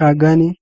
Ka